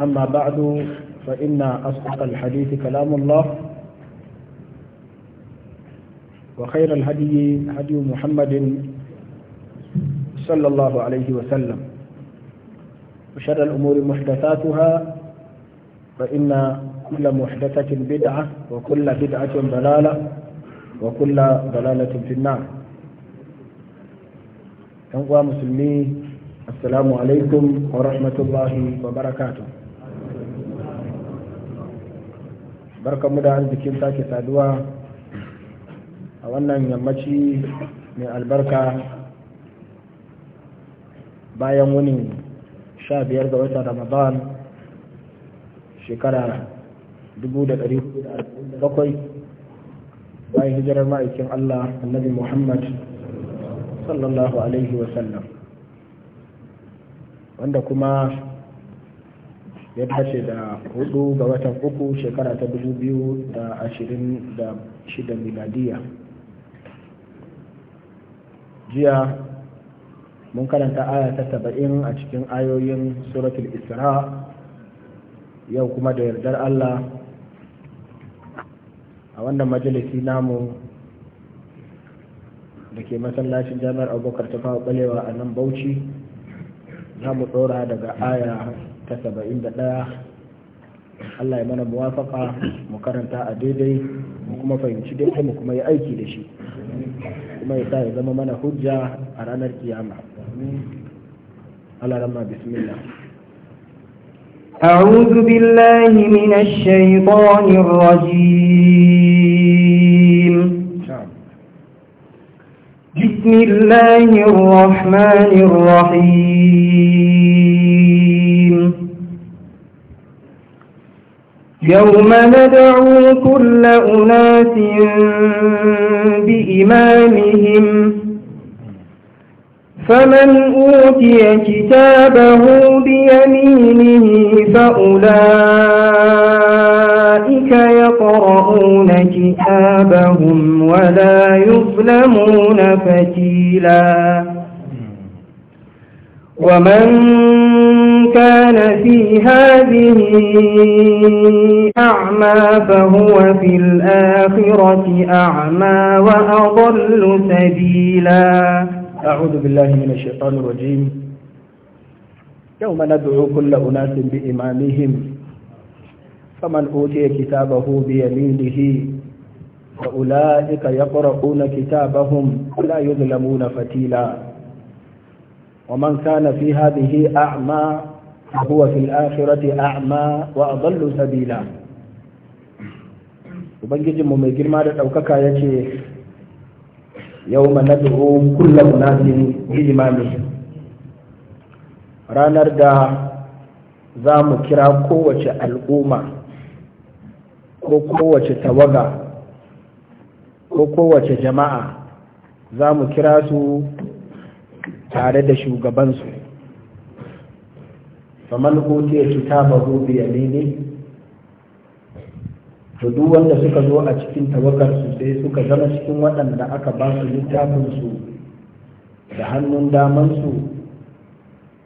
أما بعد فإن أصدق الحديث كلام الله وخير الهدي هدي محمد صلى الله عليه وسلم وشر الأمور محدثاتها فإن كل محدثة بدعة وكل بدعة ضلالة وكل ضلالة في النار أنقوا مسلمي السلام عليكم ورحمة الله وبركاته mu da arzikin sake saduwa a wannan yammaci mai albarka bayan wuni sha biyar ga watan ramadan shekara 1447 bayan hijirar ma'aikin allah annabi muhammad sallallahu alaihi wasallam wanda kuma ya dace da hudu ga watan uku shekara ta dubu biyu da ashirin da shida miladiya jiya mun karanta aya ta saba'in a cikin ayoyin suratul isra yau kuma da yardar allah a wannan majalisi namu da ke masallacin jami'ar abubakar ta kawo balewa a nan bauchi za mu tsora daga aya ta saba'in da ɗaya Allah ya mana muwafaka mu karanta a daidai mu kuma fahimci daidai mu kuma yi aiki da shi kuma ya sa ya zama mana hujja a ranar kiyama Allah rama bismillah أعوذ بالله من الشيطان الرجيم بسم الله الرحمن الرحيم يوم ندعو كل أناس بإمامهم فمن أوتي كتابه بيمينه فأولئك يقرؤون كتابهم ولا يظلمون فتيلا ومن كان في هذه أعمى فهو في الآخرة أعمى وأضل سبيلا أعوذ بالله من الشيطان الرجيم يوم ندعو كل أناس بإمامهم فمن أوتي كتابه بيمينه فأولئك يقرؤون كتابهم ولا يظلمون فتيلا ومن كان في هذه أعمى فهو في الآخرة أعمى وأضل سبيلا وبنجد من جرما دوكاكا يجي يوم ندعو كل أناس بإمامهم ranar da za mu kira kowace al'umma ko kowace tawaga ko kowace jama'a za mu kira su tare da shugabansu faman utiya kitabahu bi yamini to duk wanda suka zo a cikin tawakar su sai suka zama cikin waɗanda aka ba su littafin su da hannun daman su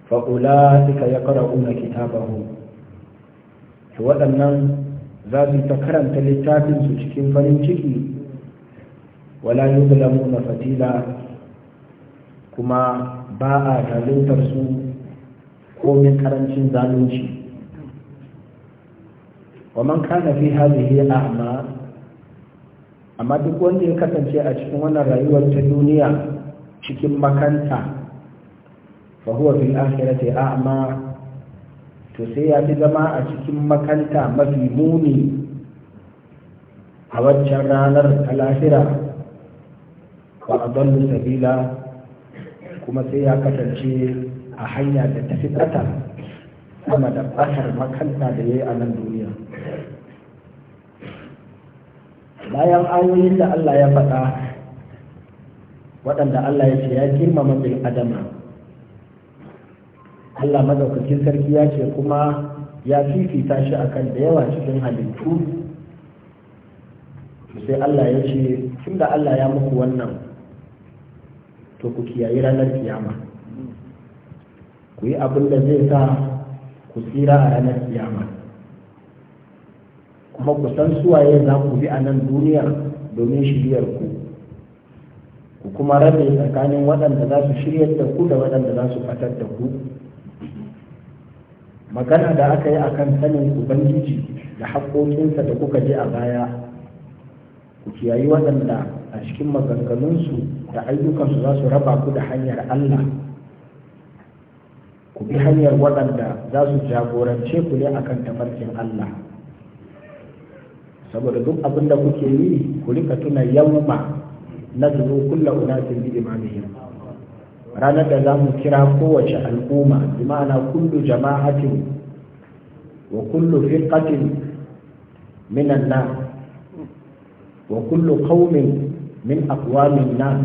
fa ulaika yaqra'una kitabahu to waɗannan za su ta karanta littafin su cikin farin ciki wala yuzlamuna fatila kuma ba a zaluntar su min karancin zalunci wa man kana fi hadhihi a'ma amma duk wanda ya kasance a cikin wannan rayuwar ta duniya cikin makanta fa huwa fil akhirati a'ma to sai ya fi zama a cikin makanta mafi muni a waccan ranar ta lahira wa adallu sabila kuma sai ya kasance a hanya da tafi ɗata sama da ɓatar makanta da ya yi a nan duniya bayan ayoyin da Allah ya faɗa waɗanda Allah ya ce ya girmama bil adama Allah madaukakin sarki ya ce kuma ya fifita shi akan da yawa cikin halittu sai Allah ya ce tunda Allah ya muku wannan to ku kiyayi ranar kiyama ku yi abin da zai sa ku tsira a ranar kiyama kuma ku san suwaye za ku bi a nan duniya domin shiryar ku ku kuma rabe tsakanin waɗanda za su shiryar da ku da waɗanda za su fatar da ku magana da aka yi a kan sanin ubangiji da haƙoƙinsa da kuka je a baya ku kiyayi waɗanda a cikin maganganunsu da ayyukansu za su raba ku da hanyar allah ku bi hanyar waɗanda za su jagorance ku ne akan tafarkin Allah saboda duk abin da kuke yi ku rika tuna yamma na zuru kulla sun bi imamihim ranar da za mu kira kowace al'umma bi ma'ana kullu jama'atin wa kullu firqatin minan nas wa kullu qaumin min aqwamin nas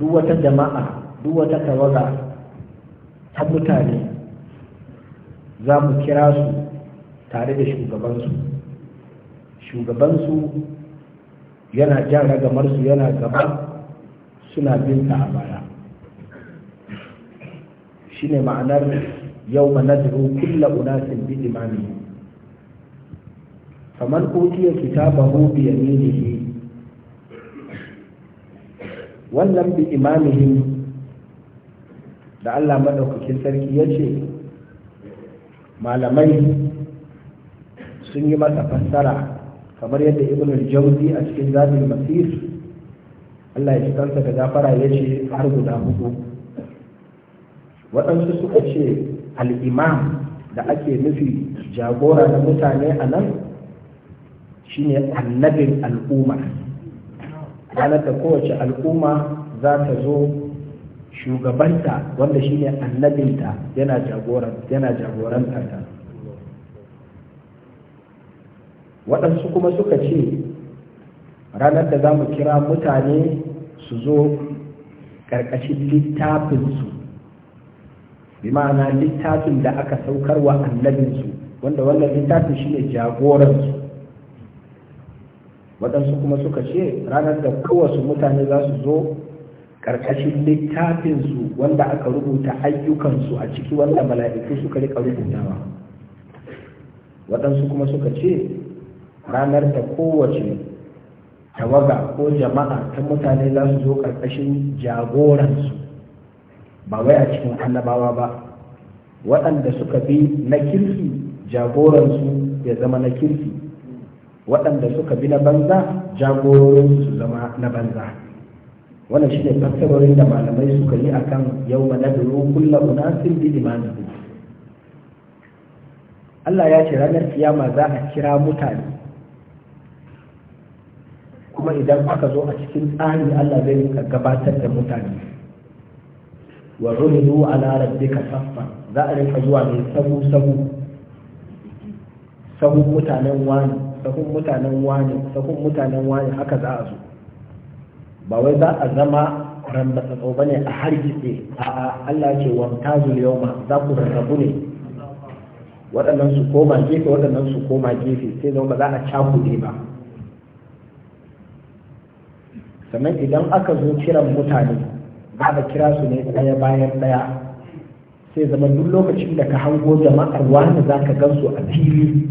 duk wata jama'a duk wata tawaga ta mutane za mu kira su tare da shugabansu shugabansu yana jan ragamarsu yana gaba suna binta a baya shi ne ma'anar yau manaziru kulla unasin bi imami faman utiya kitabahu bi ne. wannan bi imamihim da Allah maɗaukakin sarki ya ce malamai sun yi masa fassara kamar yadda ibn jauzi a cikin zafin masir Allah ya ci kansa da gafara ya ce har guda hudu waɗansu suka ce al’imam da ake nufi jagora na mutane a nan shine annabin al'umma ranar da kowace al'umma za ta zo shugabanta wanda shi ne annabinta yana jagoran karta waɗansu kuma suka ce ranar da za mu kira mutane su zo ƙarƙashin littafinsu bi ma'ana littafin da aka saukar wa annabinsu wanda wannan littafin shi ne jagoransu waɗansu kuma suka ce ranar da kowasu mutane za su zo ƙarƙashin littafinsu wanda aka rubuta ayyukansu a ciki wanda mala'iku suka rika rubutawa waɗansu kuma suka ce ranar da kowace tawaga ko jama'a ta mutane za su zo ƙarƙashin jagoransu ba wai a cikin annabawa ba waɗanda suka bi na kirki jagoransu ya zama na kirki waɗanda suka bi na banza jagororinsu su zama na banza wannan shi ne fassarorin da malamai suka yi akan yau ma nadiru kulla sun bi imani Allah ya ce ranar kiyama za a kira mutane kuma idan aka zo a cikin tsari Allah zai yi gabatar da mutane wa rumidu ala duka saffa za a rinka zuwa mai sabu sabu sabun mutanen wani mutanen wani mutanen wani haka za a zo ba wai za a zama rambatsatsau ba ne a hargitse a Allah ce wa tazul yauma za ku rarrabu ne waɗannan su koma gefe waɗannan su koma gefe sai zama ba za a ne ba sannan idan aka zo kiran mutane za da kira su ne ɗaya bayan ɗaya sai zama duk lokacin da ka hango jama'ar wani za ka gansu a fili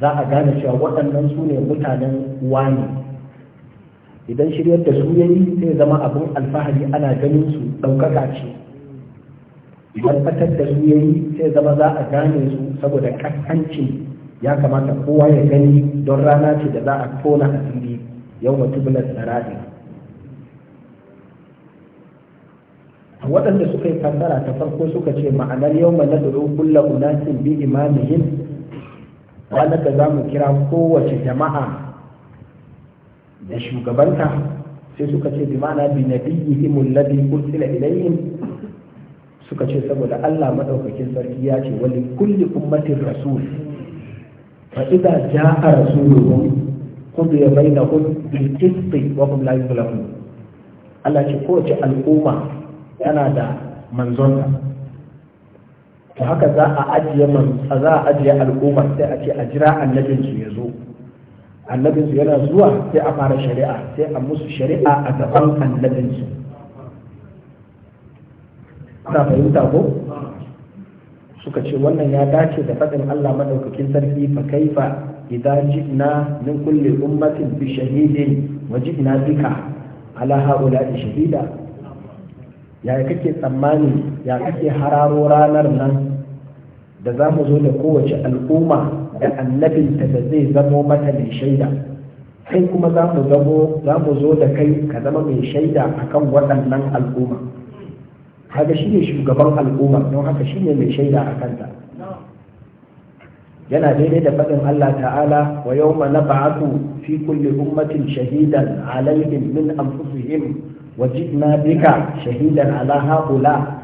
za a gane cewa waɗannan su ne mutanen wani idan shiryar da su yayi zai zama abin alfahari ana ganin su ɗaukaka ce idan da su yayi sai zama za a gane su saboda ƙasƙancin ya kamata kowa ya gani don rana ce da za a tona asiri yau mutu bilas tsarari waɗanda suka yi fassara ta farko suka ce ma'anar yau ma na duru kulla unasin bi imamihim wanda da za mu kira kowace jama'a da shugabanta sai suka ce bimana bi himun alladhi kulsila ilayin suka ce saboda Allah maɗaukakin sarki ya ce wani kulli ummatin rasul fa idza jaa rasuluhum qudiya bainahum bil qist wa hum la yuzlamun Allah ce kowace al'umma yana da manzonta to haka za a ajiye man za a ajiye al'umma sai a ce a jira annabin su ya zo annabin su yana zuwa sai a fara shari'a sai a musu shari'a a gaban annabin su ta fahimta ko suka ce wannan ya dace da faɗin Allah madaukakin sarki fa kaifa idan jibna min kulli ummatin bi shahidin wa jibna bika ala haula'i shahida ya kake tsammani ya kake hararo ranar nan da za mu zo da kowace al'umma da annabinta da zai zamo mata mai shaida kai kuma za mu zamo zo da kai ka zama mai shaida akan waɗannan al'umma Haga shi ne shugaban al'umma don haka shi ne mai shaida a kanta yana daidai da faɗin Allah ta'ala wa yau ma na ba'atu fi kulli ummatin shahidan alaihim min anfusihim wa jidna bika shahidan ala haula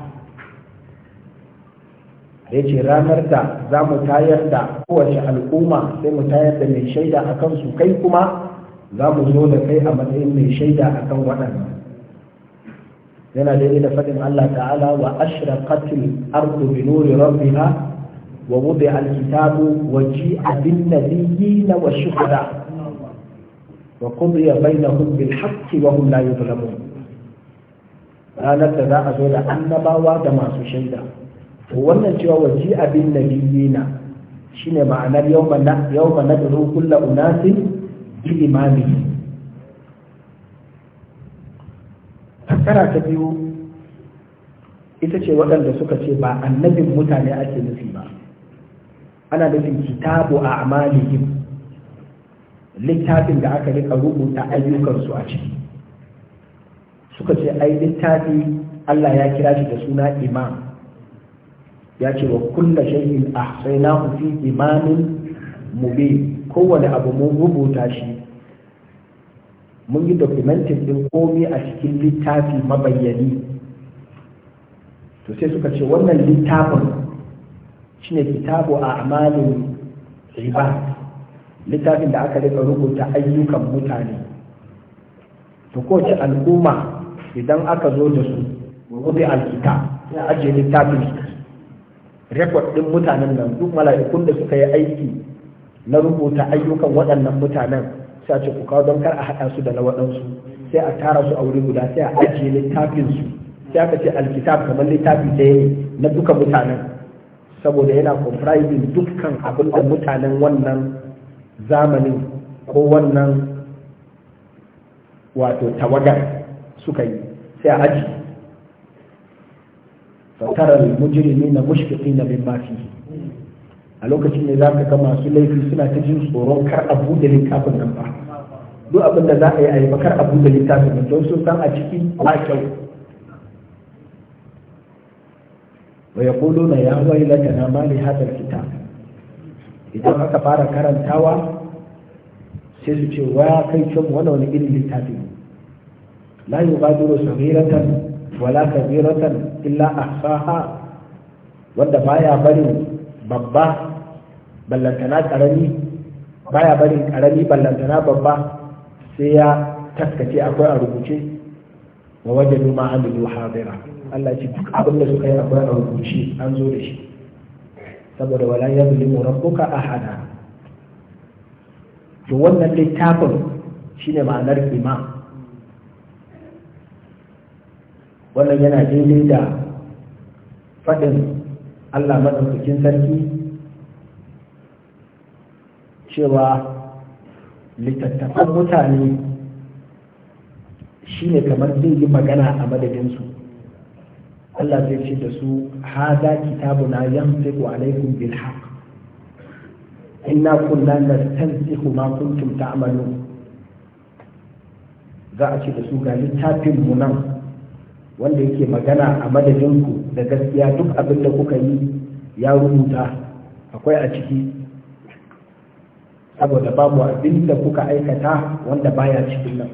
ya ce ranar da za mu tayar da kowace al'umma sai mu tayar da mai shaida a kansu kai kuma za mu zo da kai a matsayin mai shaida a kan waɗannan yana daidai da faɗin Allah ta'ala wa ashraqatil ardu bi nuri rabbiha wa wudi'a al-kitabu wa ji'a bin nabiyyin wa shuhada wa bai na bil haƙƙi wa hum la yuzlamun ranar da za a zo da annabawa da masu shaida to wannan cewa waji abin nabiyina shine ma'anar yawma na yawma nadru kullu bi imamihim ta biyu ita ce waɗanda suka ce ba annabin mutane ake nufi ba ana nufin kitabu a amalihim littafin da aka rika rubuta ayyukansu a ciki suka ce ai littafi Allah ya kira shi da suna imam ya ce wa kulla shay'in ku fi imanin mube kowane abu mun rubuta shi mun yi documentin din komai a cikin littafi mabayyani to sai suka ce wannan littafin shine kitabu a amalin riba littafin da aka rika rubuta ayyukan mutane to kowace al'umma idan aka zo da su wuri alkita ya ajiye littafin rekod ɗin mutanen nan duk mala'ikun da suka yi aiki na rubuta ayyukan waɗannan mutanen sai a ce ku kawo don kar a haɗa su da na waɗansu sai a tara su a wuri guda sai a ajiye littafin su sai aka ce alkitab kamar littafi ɗaya yi na duka mutanen saboda yana comprising dukkan abin da mutanen wannan zamanin ko wannan wato tawagar suka yi sai a ajiye fatarar mujirimi na mushkiki na bin mafi a lokacin ne za ka ga masu laifi suna ta jin tsoron kar a buɗe littafin nan ba duk abin da za a yi a yi ba kar a buɗe littafin nan don sun san a ciki ba kyau wa yaquluna ya waylatana ma li hadar alkitab idan aka fara karantawa sai su ce wa kai kin wani wani irin littafi la yughadiru saghiratan wala kabiratan illa Ahaha, wanda baya barin babba ballantana karami baya barin karami ballantana babba sai ya taskace akwai a rubuce wa wajadu ma amilu hadira Allah ce duk abin da suka yi akwai a rubuce an zo da shi saboda wala yazlimu rabbuka ahada to wannan littafin shine ma'anar imam wannan yana daidai da faɗin allah maɗaukakin sarki cewa littattafan mutane shi ne kamar zai yi magana a madadinsu allah zai ce da su ha za na kitabuna yanfiqu bilha bil haqq inna kunna nastansihu ma kuntum amalu za a ce da su ga littafin munan wanda yake magana a madadinku da gaskiya duk abin da kuka yi ya rubuta akwai a ciki saboda babu abin da kuka aikata wanda baya cikin nan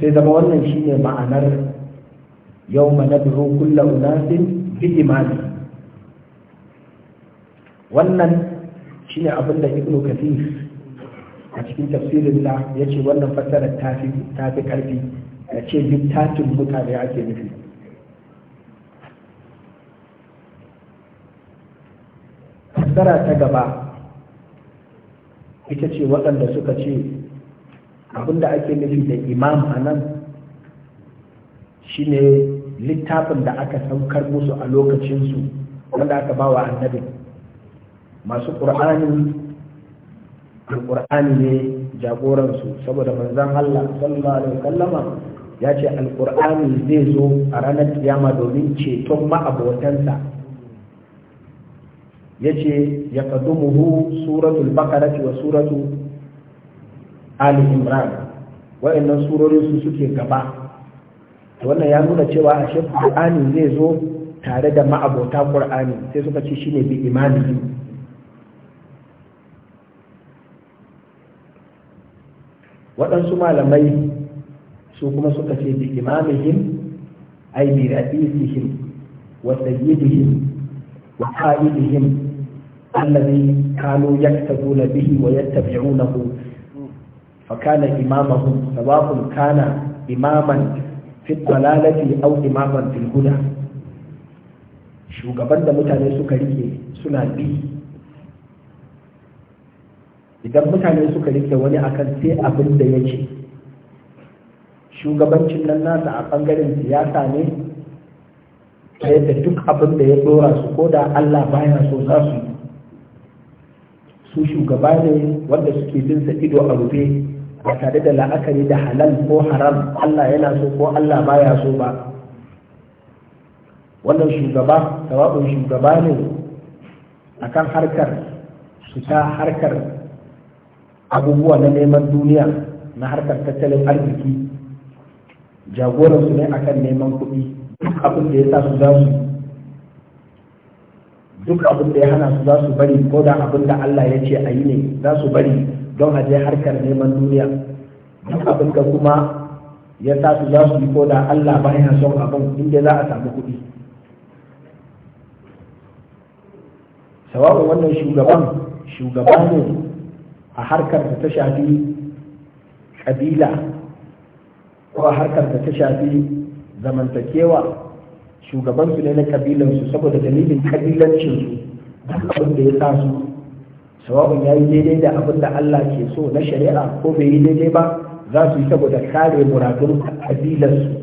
sai zama wannan shine ma'anar yau manadru kulla unasin bi imani wannan shine abin da ibnu kathir a cikin tafsirin da ya ce wannan fassarar ta fi karfi yace ce littafin mutane ake nufi fassara ta gaba ita ce waɗanda suka ce abinda ake nufi da imam a nan shine littafin da aka saukar musu a lokacinsu wanda aka bawa annabi masu ƙur'ani ƙur'ani ne jagoransu saboda manzan Allah sallallahu alaihi wasallama ya ce alƙur'ani zai zo a ranar kiyama domin ceton ma'abotansa ya ce ya kadumuhu suratul bakarati wa suratu ali imran wa'annan surorin su suke gaba wannan ya nuna cewa a shi ƙur'ani zai zo tare da ma'abota ƙur'ani sai suka ce ne bi imani waɗansu malamai su kuma suka ce bi imamihim ay bi ra'isihim wa sayyidihim wa qa'idihim alladhi kanu yaktaduna bihi wa yattabi'unahu fa kana imamahum sawa'un kana imaman fi dalalati aw imaman fil huda shugaban da mutane suka rike suna bi idan mutane suka rike wani akan sai abin da yake shugabancin nan nasa a ɓangaren siyasa ne ta yadda duk abin da ya dora su ko da Allah baya so za su su shugaba ne wanda suke bin sa ido a rufe ba tare da la'akari da halal ko haram Allah yana so ko Allah baya so ba wannan shugaba tawa'un shugaba ne akan harkar su ta harkar abubuwa na neman duniya na harkar tattalin arziki jagoran su ne akan neman kuɗi duk abin da ya sa su za su duk abin da ya hana su za su bari ko da abin da Allah ya ce a yi ne za su bari don a je harkar neman duniya duk abin da kuma ya sa su za su yi ko da Allah ba ya son abin inda za a samu kuɗi sawa'un wannan shugaban shugaba ne a harkar da ta shafi ƙabila. ko a harkar da ta shafi zamantakewa shugabansu ne na kabilansu saboda dalilin kabilancinsu duk abin da ya sa su sawa'un ya yi daidai da abin da Allah ke so na shari'a ko bai yi daidai ba za su yi saboda kare muradun kabilansu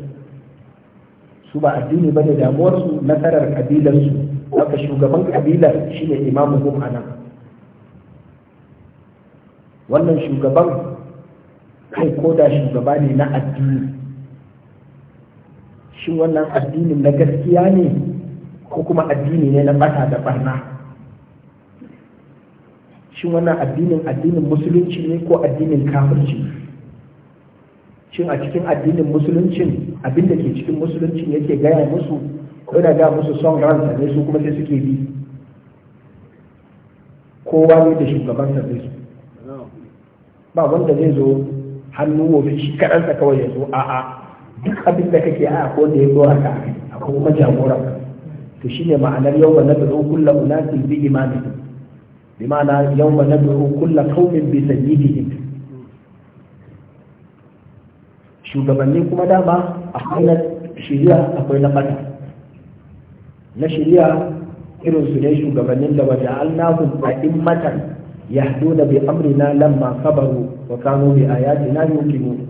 su ba addini ba ne damuwarsu nasarar kabilansu haka shugaban kabilar shine imamu a nan wannan shugaban kai ko da shugaba ne na addini shin wannan addinin na gaskiya ne ko kuma addini ne na bata da barna shin wannan addinin addinin musulunci ne ko addinin kafirci shin a cikin addinin musuluncin abinda ke cikin musuluncin yake gaya musu ko da ga musu son ransa ne su kuma sai suke bi kowa ne da shugabansa ne ba wanda zai zo hannu gobe shi kaɗansa kawai ya zo a'a duk abin da kake a ko da ya dora ka a kuma jagoran to shi ne ma'anar yau ba na da'u kulla unasin bi imani bi ma'ana yau ba na da'u kulla kaumin bi sayyidihim shugabanni kuma dama a na shirya akwai na mata. na shirya irin su ne shugabannin da waje alnahum a immatan da bi amrina lamma kabaru. wa kanu bi ayati la yuqinun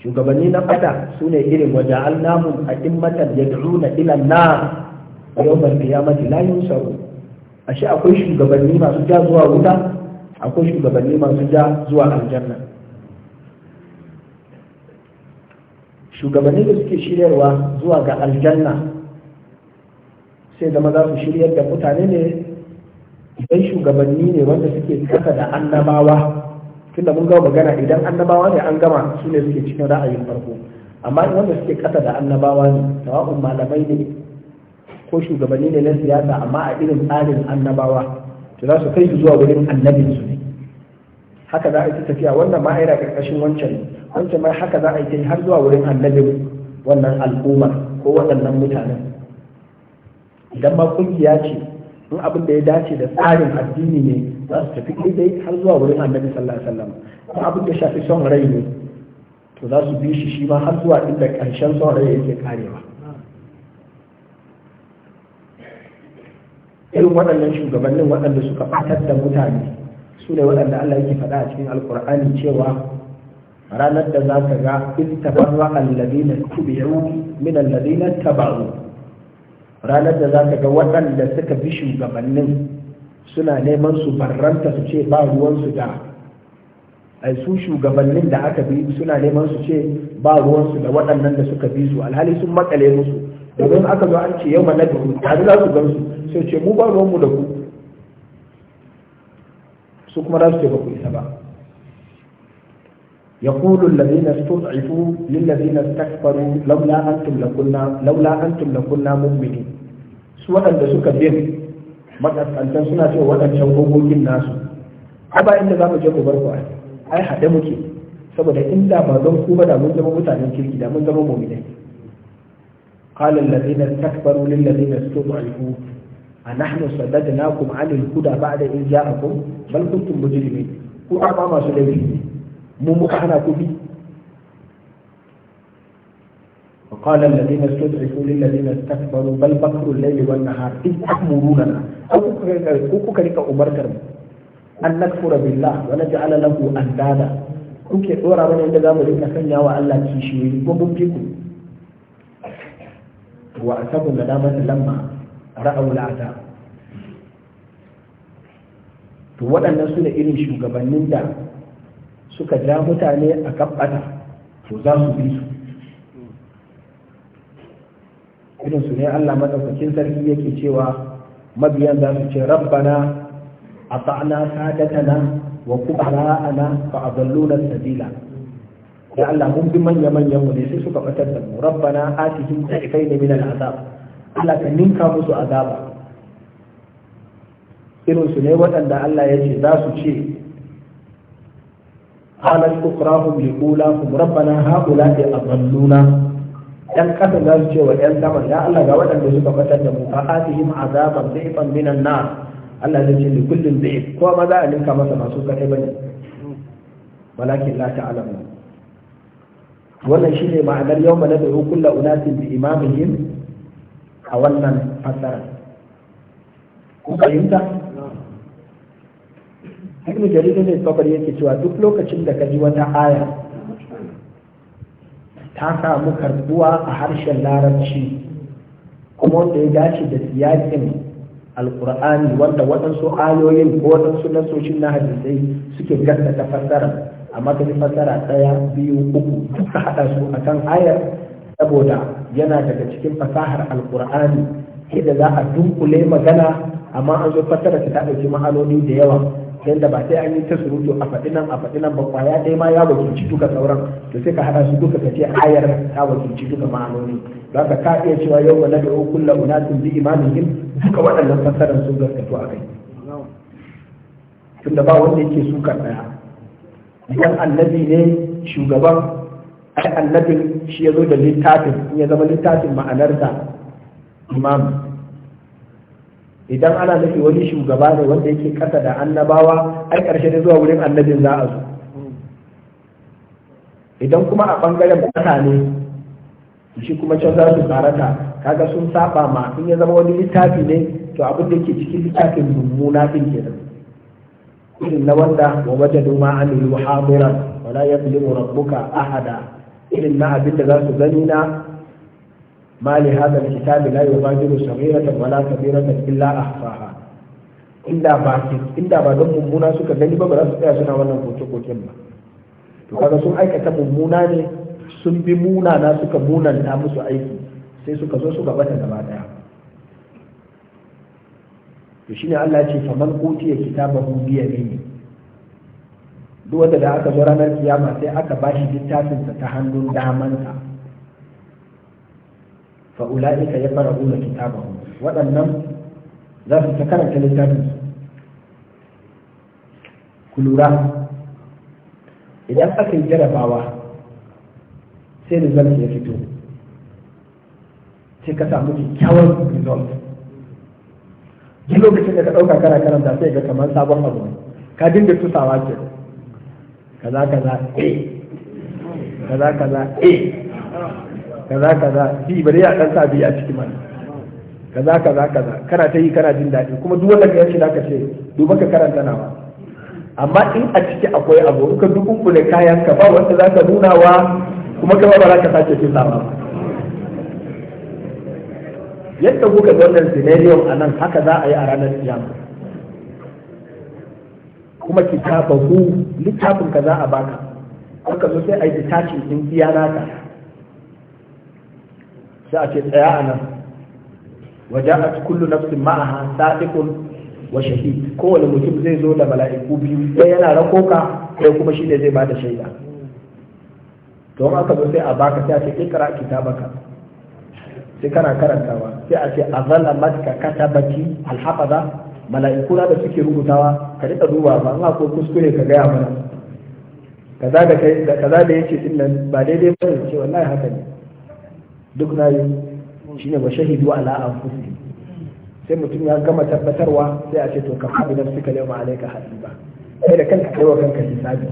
shugabanni na fada sune irin waja'alnahum a'immatan yad'una ila an-nar yawm al-qiyamati la yunsaru ashe akwai shugabanni masu ja zuwa wuta akwai shugabanni masu ja zuwa aljanna shugabanni da suke shiryarwa zuwa ga aljanna sai zama za su shiryar da mutane ne idan shugabanni ne wanda suke kasa da annabawa tunda mun gama magana idan annabawa ne an gama su ne suke cikin ra'ayin farko amma in wanda suke kasa da annabawa ne tawa'un malamai ne ko shugabanni ne na siyasa amma a irin tsarin annabawa to za su kai su zuwa wurin annabin su ne haka za a yi tafiya wannan ma yana karkashin wancan wancan ma haka za a yi har zuwa wurin annabin wannan al'umma ko waɗannan mutanen idan ma kungiya ce in abin da ya dace da tsarin addini ne za su tafi daidai har zuwa wurin annabi sallallahu alaihi wasallam ko abin da shafi son rai ne to za su bi shi shi ma har zuwa inda karshen son rai yake karewa irin waɗannan shugabannin waɗanda suka ɓatar da mutane su ne waɗanda Allah yake faɗa a cikin Alƙur'ani cewa ranar da za ka ga in tabarra alladina tubi'u min alladina tabaru ranar da za ka ga waɗanda suka bi shugabannin suna neman su barranta su ce ba ruwansu da ai su shugabannin da aka bi suna neman su ce ba ruwansu da waɗannan da suka bi su alhali sun makale musu domin aka zo an ce yau ma nadu tare za su su sai ce mu ba ruwanmu da ku su kuma za su ce ba ku isa ba يقول الذين استضعفوا للذين استكبروا لولا أنتم لكنا لولا أنتم لكنا مؤمنين سواء suka bin makaskantan suna cewa waɗancan gogogin nasu a ba inda za mu je ku bar ku ai haɗe muke saboda inda ba zan ku ba da mun zama mutanen kirki da mun zama mu'minai قال الذين استكبروا للذين استضعفوا أنحن صددناكم عن الهدى بعد إذ جاءكم بل كنتم مجرمين ku amma masu laifi ne mu muka hana ku bi وقال الذين استضعفوا للذين استكبروا بل بكر الليل والنهار إذ تأمروننا ku kuka rika umartar mu an nakfura billah wa naj'ala lahu andada kuke dora mana inda zamu rika sanya wa Allah kishiyoyi gumbun ku wa asabu nadamatan lamma ra'aw al'ada to waɗannan su ne irin shugabannin da suka ja mutane a kabbata to za su bi su irin su ne Allah madaukakin sarki yake cewa mabiyan za su ce rabbana ata'na sadatana wa kubara'ana fa adalluna sabila ya Allah mun bi manya manya mu ne sai suka fatar da mu rabbana atihim ta'ifaini min al'azab Allah ka ninka musu azaba irin su ne waɗanda Allah ya ce za su ce قالت أخراهم لأولاهم ربنا هؤلاء أضلونا yan kasa za su ce wa yan saman ya Allah ga waɗanda suka fatar da mu fa atihim azaban dhifan minan nar Allah zai ce li kullin dhif ko ma za a ninka masa masu ba bane walakin la ta'lamu wannan shine ma'anar yawma nad'u kullu unasin bi imamihim a wannan fasara ku fahimta ibn jarir ne kafar yake cewa duk lokacin da ka ji wata aya ta samu karbuwa a harshen larabci kuma wanda ya dace da siyakin alkur'ani wanda waɗansu ayoyin ko waɗansu nasoshin na hadisai suke ta fassara amma ta fasara, ɗaya biyu uku duka haɗa su a kan ayar saboda yana daga cikin fasahar alkur'ani yadda za a dunkule magana amma an zo fassara ta ɗauki ma'anoni da yawa yadda ba sai an yi ta surutu a faɗi nan a faɗi nan ba kwaya ɗaya ma ya wakilci duka sauran to sai ka haɗa su duka ka ce ayar ta wakilci duka ma'anoni za ka ka iya cewa yau wani ukun launa sun bi yin duka waɗannan fassarar sun gaskato a kai tunda ba wanda yake sukar ɗaya idan annabi ne shugaban ai annabin shi ya zo da littafin in ya zama littafin ma'anarsa imam idan ana nufi wani shugaba ne wanda yake kasa da annabawa ai karshe ne zuwa wurin annabin za a zo idan kuma a bangaren kasa ne shi kuma can za su karata kaga sun saba ma in ya zama wani littafi ne to abin da yake cikin littafin mummuna din kenan irin na wanda wa wajadu ma amilu hadiran wala yadlimu rabbuka ahada irin na abin da za su gani na ما لهذا الكتاب لا يبادر صغيرة ولا كبيرة إلا أحصاها إلا باكت إلا بعد ممونا سكا لن يبقى لا سكا سنة وانا كوتو كوتين to kaga sun aikata mummuna ne sun bi مونا suka munanta musu aiki sai suka zo suka bata gaba daya to shine Allah ce duk wanda da aka zo ranar kiyama sai aka bashi littafin sa ta hannun damansa fa ulaika yaqra'una kitabahum waɗannan za su ta karanta littafin ku lura idan aka yi jarabawa sai result ya fito sai ka samu kyakkyawan result duk lokacin da ka ɗauka kana karanta sai ga kamar sabon abu ka dinga tusawa ke kaza kaza eh kaza kaza eh kaza kaza bi dai a dan sa bi a cikin mana kaza kaza kaza kana ta yi kana jin daɗi kuma duk wanda ya ce ka ce duba ka karanta nawa amma in a ciki akwai abu ka dukun kule kayan ka ba wanda ka nuna wa kuma ka ba za ka sace shi sama yadda kuka ga wannan scenario a nan haka za a yi a ranar kiyama kuma kitabahu littafin ka za a baka kuka zo sai a yi detaching din iya ka. sai a ce tsaya a nan waja'at kullu nafsin ma'aha sadiqun wa shahid kowane mutum zai zo da mala'iku biyu sai yana rakoka sai kuma shi ne zai bada shaida to in aka zo sai a baka sai a ce ikra kitabaka sai kana karantawa sai a ce azala matka katabaki alhafaza mala'iku da suke rubutawa ka rika duba ba in ko kuskure ka gaya mana kaza da kaza da yake din nan ba daidai ba ne ce wallahi haka ne duk na yi shine wa shahidu ala anfusihim sai mutum ya gama tabbatarwa sai a ce to ka idan da suka lewa alaika hasiba sai da kanka kaiwa kanka hisabi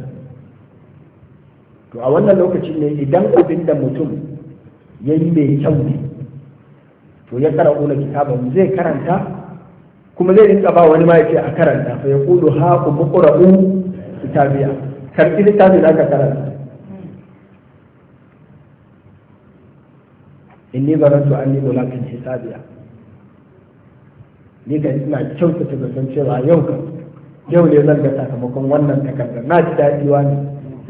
to a wannan lokacin ne idan abin da mutum ya yi mai kyau ne to ya kara ƙuna kitabun zai karanta kuma zai rinka ba wani ma ya ce a karanta fa ya kudu ha ku buƙura'u kitabiya littafi littafin aka karanta inni barantu anni mulakin hisabiya ni ga ina kyautata zaton cewa yau ka yau ne zan ga sakamakon wannan takardar na ji daɗi wani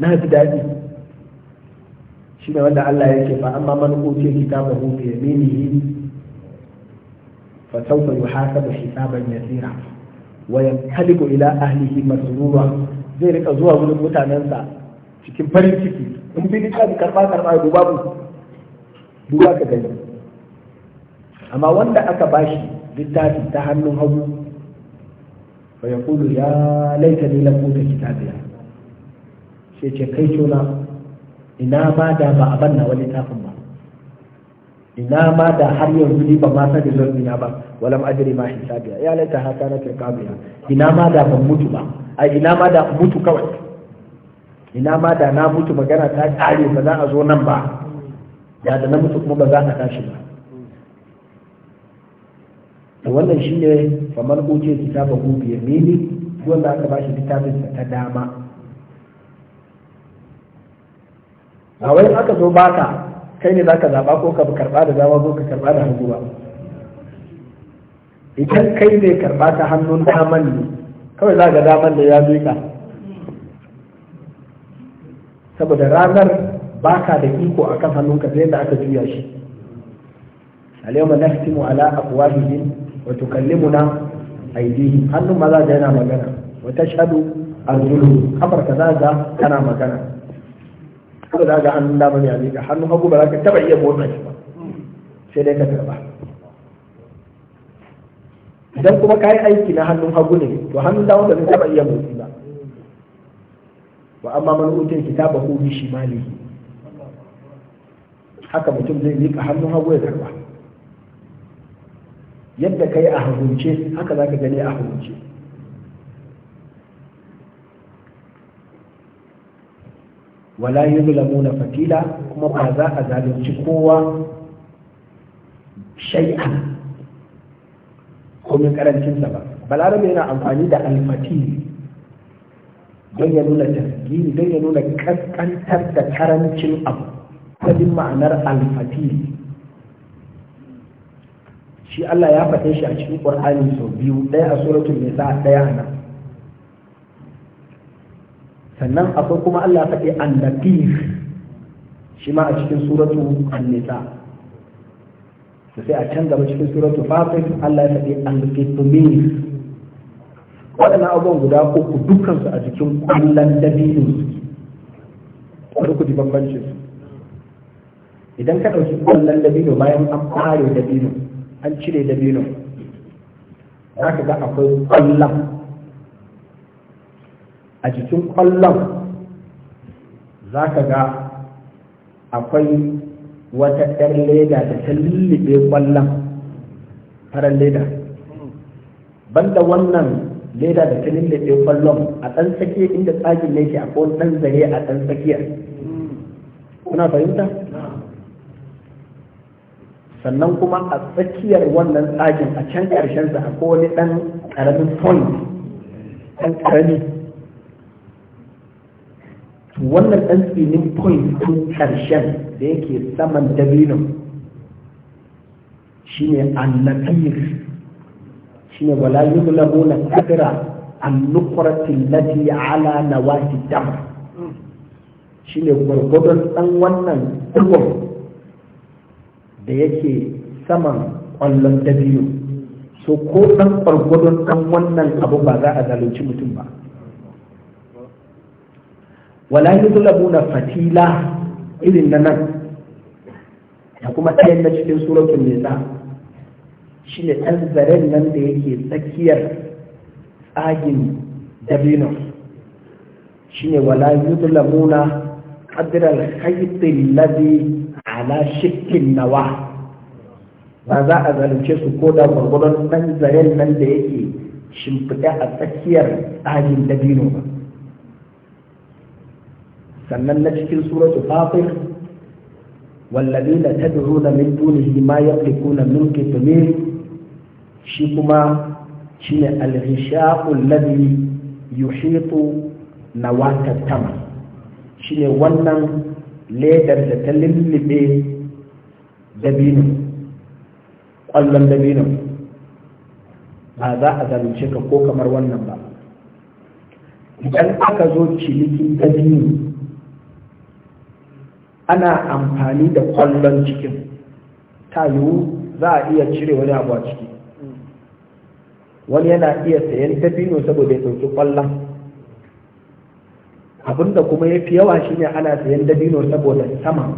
na ji daɗi shi ne wanda Allah yake fa amma man kitabu hu fi yaminihi fa sawfa yuhasabu hisaban yasira wa yanqalibu ila ahlihi masrura zai rika zuwa wurin mutanensa cikin farin ciki in bi ni ka karba karba babu duba ka gani amma wanda aka bashi littafin ta hannun hagu fa ya kulu ya laita ni lam uta kitabiya sai ce kai tona ina ma da ba a banna wani tafin ba ina ma da har yanzu ni ba ma sani zolmina ba walam ajri ma hisabiya ya laita haka na tilkabiya ina ma da ban mutu ba a ina ma da mutu kawai ina ma da na mutu magana ta kare ba za a zo nan ba ya da na mutu kuma ba za ka tashi ba to wannan shi ne kamar uce kitaba gubi ya mini wanda aka bashi littafin sa ta dama a wai aka zo baka kai ne zaka zaba ko ka karba da dama ko ka karba da hannu ba idan kai ne karba ta hannun daman ne kawai za ga daman da ya miƙa saboda ranar ba ka da iko a kan hannunka sai da aka juya shi alayhi nahtimu ala afwahihim wa tukallimuna aydihim hannun maza da yana magana wa tashhadu arjuluhum kafar ka zaga kana magana ko da ga hannun dama ne a miƙa hannun hagu ba za ka taba iya motsa shi ba sai dai ka karba idan kuma ka yi aiki na hannun hagu ne to hannun dama ba zai taba iya motsi ba wa amma man utai kitabahu bi shimalihi haka mutum zai miƙa hannu hagu ya karba yadda ka yi a hagunce haka za ka gani a hagunce wala yi na fatila kuma ba za a zalunci kowa shai'an komin karancinsa ba balarabe yana amfani da alfatili don ya nuna tasgini don ya nuna kaskantar da karancin abu asalin ma'anar alfati shi Allah ya faɗe shi a cikin Qur'ani sau biyu ɗaya a suratul nisa ɗaya a nan sannan akwai kuma Allah ya faɗe annatif shi ma a cikin suratul an-nisa sai a can gaba cikin suratul fatir Allah ya faɗi al-qitmir waɗannan abubuwan guda uku dukkan su a cikin kullan dabino su ku ji bambancin su idan ka ɗauki kwallon dabino bayan an fare dabino an cire dabino za ka ga akwai ƙwallon, a jikin ƙwallon za ka ga akwai wata ƴar leda da ta lullube ƙwallon farar leda banda wannan leda da ta lullube ƙwallon, a ɗan tsakiya inda tsakin ne ke akwai ɗan zare a ɗan tsakiya kuna fahimta sannan kuma a tsakiyar wannan tsakin a can ƙarshen sa akwai wani ɗan ƙaramin point ɗan ƙarami wannan ɗan tsinin point tun ƙarshen da yake saman dabinin shine annabir ne wala yughlabuna qadra an-nuqrati allati ala nawati dam shine gurgudun ɗan wannan dugon da yake saman ƙwallon dabino so ko ɗan ɓargwadon ɗan wannan abu ba za a zalunci mutum ba wala yi na fatila irin na nan da kuma ɗayan na cikin suratun nisa shi ne ɗan zaren nan da yake tsakiyar tsagin dabino shi ne wala yi na ƙadirar haifin ladi ala shikkin nawa ba za a zalunce su ko da gwargwadon ɗan zaren nan da yake shimfiɗe a tsakiyar tsarin dabino ba sannan na cikin suratu fatir والذين تدعون من دونه ما يملكون من قطمير shi kuma shi ne alhishaƙun labi yuhitu na watattama shi ne wannan ledar da ta lullube dabino ƙwallon dabino ba za a zalunce ka ko kamar wannan ba idan aka zo cinikin dabino ana amfani da kwallon cikin ta yiwu za a iya cire wani abu a ciki wani yana iya sayan dabino saboda ya sauki kwallon. abinda kuma ya fi yawa shine ana sayan dabino saboda sama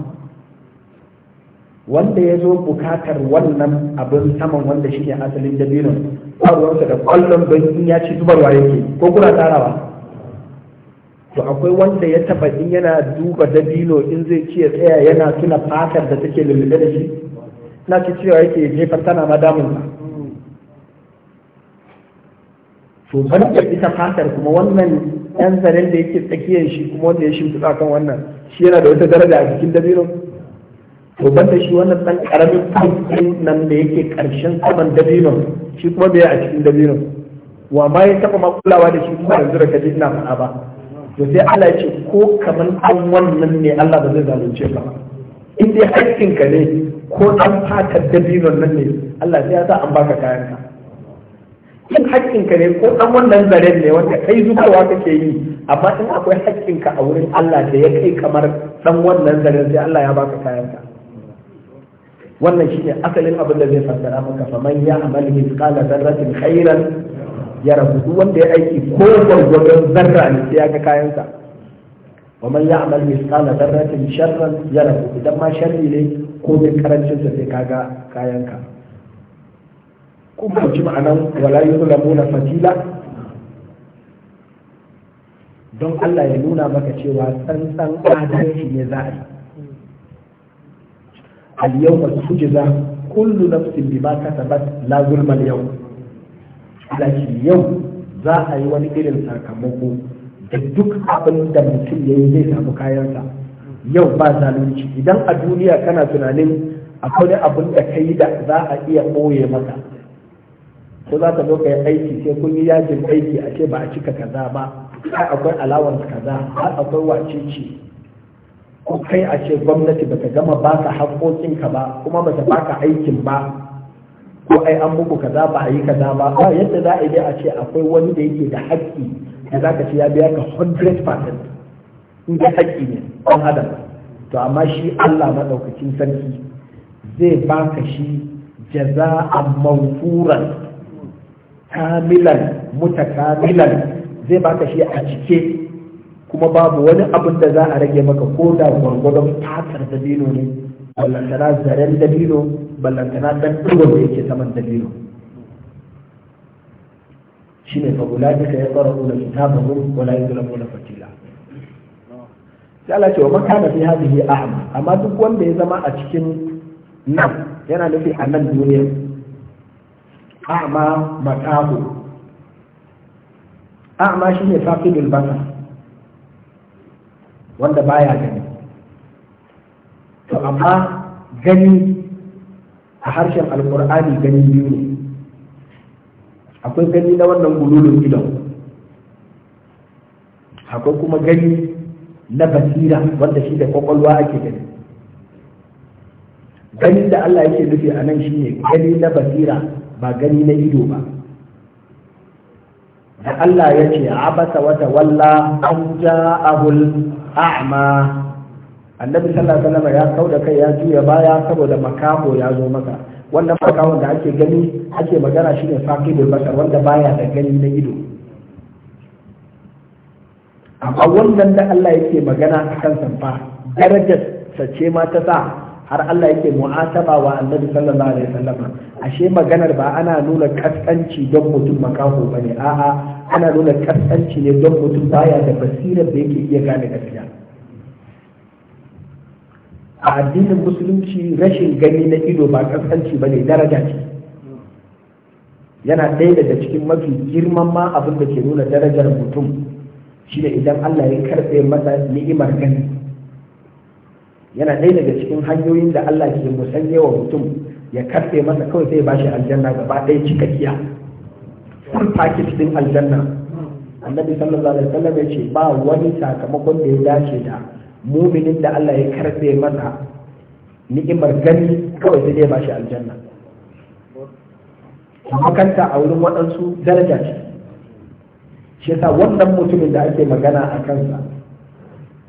wanda ya zo bukatar wannan abin saman wanda shine asalin dabino ba ruwansa da kwallon don in ya ci zubarwa yake ko kuna tsarawa. to akwai wanda ya taba in yana duba dabino in zai ci ya tsaya yana tuna fatar da take lullube da shi na ci cewa yake jefar tana ma damunsa to ban ita fatar kuma wannan ɗan zaren da yake tsakiyar shi kuma wanda ya shimfiɗa kan wannan shi yana da wata daraja a cikin dabino to banda shi wannan ɗan ƙaramin kwanfin nan da yake ƙarshen saman dabino shi kuma bai a cikin dabino wa ma ya taɓa makulawa da shi kuma yanzu da kaji ina faɗa ba to sai Allah ya ce ko kamar ɗan wannan ne Allah ba zai zalunce ba in dai haƙƙinka ne ko ɗan fatar dabinon nan ne Allah sai ya sa an baka kayanka in haƙƙinka ne ko ɗan wannan zaren ne wanda kai zubarwa kake yi amma in akwai haƙƙinka a wurin Allah da ya kai kamar ɗan wannan zaren sai Allah ya baka kayanka wannan shi ne asalin abin da zai fassara maka fa man ya amal mithqala dharratin khairan ya rabu duk wanda ya aiki ko gwargwadon zarra ne sai ya ga kayansa wa man ya amal mithqala dharratin sharran ya rabu idan ma sharri ne ko mai karancin sa sai kaga kayanka kun fahimci ma'anan wala nuna fatila don Allah ya nuna maka cewa tsantsan adalci ne za a yi al-yawma za kullu nafsin bima kasabat la zulma al-yawm yau za a yi wani irin sakamako da duk abin da mutum ya yi zai samu kayansa yau ba zalunci idan a duniya kana tunanin akwai abin da kai da za a iya ɓoye maka ko za ka zo ka yi aiki sai kun yi yajin aiki a ce ba a cika kaza ba har akwai alawar kaza har akwai wacece ko kai a ce gwamnati bata gama baka haƙoƙinka ba kuma bata baka aikin ba ko ai an muku kaza ba a yi kaza ba ba yadda za a yi a ce akwai wani da yake da haƙƙi da za ka ce ya biya ka 100% in ga haƙƙi ne ɗan adam to amma shi Allah maɗaukacin sarki zai baka shi jaza'an mawfuran kamilan kamilan zai baka shi a cike kuma babu wani abin da za a rage maka ko da gwargwadon fatar dabino ne ballantana zaren dabino ballantana dan ɗigo da yake saman dabino shi ne fa duka ya tsara ula bamu wala yuzlamuna fatila sai ala cewa maka man fi hadhihi a amma duk wanda ya zama a cikin nan yana nufi a nan duniyar a'ma matahu a'ma shine faqidul basar wanda baya gani to amma gani a harshen alkur'ani gani biyu ne akwai gani na wannan gululun idon akwai kuma gani na basira wanda shi da kwakwalwa ake gani gani da Allah yake nufi a nan shine gani na basira ba gani na ido ba da Allah ya ce abasa wata walla an ja'ahul a'ma annabi sallallahu alaihi wasallam ya kauda kai ya juya baya saboda makaho ya zo maka wannan makahon da ake gani ake magana shine faqidul basar wanda baya da gani na ido amma wannan da Allah yake magana akan sanfa darajar sace ma ta sa har Allah yake mu'ataba wa annabi sallallahu alaihi wasallam ashe maganar ba ana nuna kaskanci don mutum makaho bane a'a ana nuna kaskanci ne don mutum baya da basirar da yake iya gane gaskiya a addinin musulunci rashin gani na ido ba kaskanci bane daraja ce yana ɗaya daga cikin mafi girman ma abin da ke nuna darajar mutum shine idan Allah ya karɓe masa ni'imar gani yana ɗaya daga cikin hanyoyin da Allah ke musanye wa mutum ya karfe masa kawai sai bashi aljanna gaba ɗaya cikakkiya full package din aljanna annabi sallallahu alaihi wasallam ya ce ba wani sakamakon da ya dace da muminin da Allah ya karfe masa ni'imar gani kawai sai dai bashi aljanna. aljanna makanta a wurin waɗansu daraja ce shi yasa wannan mutumin da ake magana a kansa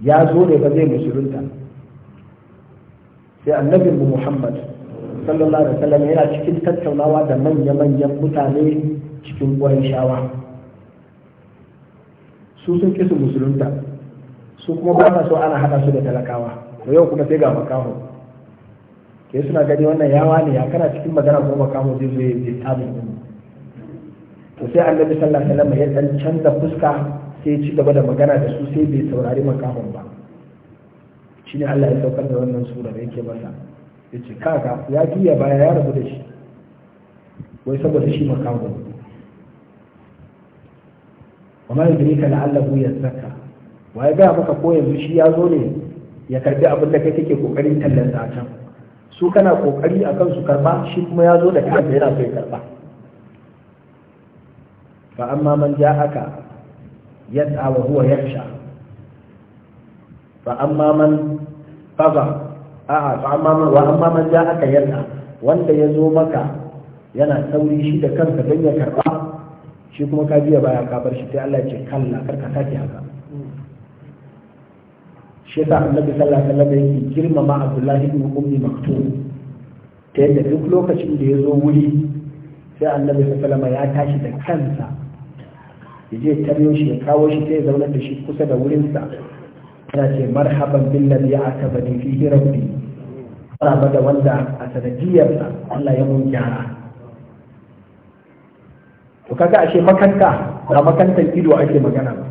ya zo ne ba zai musulunta sai annabin mu Muhammad sallallahu alaihi wasallam yana cikin tattaunawa da manya-manyan mutane cikin shawa. su sun kisu musulunta su kuma ba so ana hada su da talakawa to yau kuma sai ga makaho ke suna gani wannan yawa ne ya kana cikin magana ko makaho zai zo ya yi tabin din to sai annabi sallallahu alaihi wasallam ya dan canza fuska sai ci gaba da magana da su sai bai saurari makahon ba ne Allah ya saukar da wannan sura da yake masa ce kaka ya juya baya ya rabu da shi wai saboda shi makawo amma da ya la'allahu Wa ya gaya maka ko yanzu shi ya zo ne ya karbi abin da kai kake kokarin tallan a can su kana kokari akan su karba shi kuma ya zo da kansa yana so ya karba fa amma man ja'aka yas'a wa huwa yakhsha man a'a man wa amma man ja aka yadda wanda ya zo maka yana sauri shi da kanka don ya karba shi kuma ka biya baya ka bar shi sai Allah ya ce kalla kar ka sake haka shi yasa annabi sallallahu alaihi wasallam yake girmama Abdullahi ibn Ummi Maktum ta yadda duk lokacin da ya zo wuri sai annabi sallallahu alaihi ya tashi da kansa ya je taryo shi ya kawo shi sai ya zauna da shi kusa da wurinsa yana ce marhaban billazi bani fi rabbi fara da wanda a sanadiyarsa Allah ya mun gyara to kaga ashe makanta ba makantan ido ake magana ba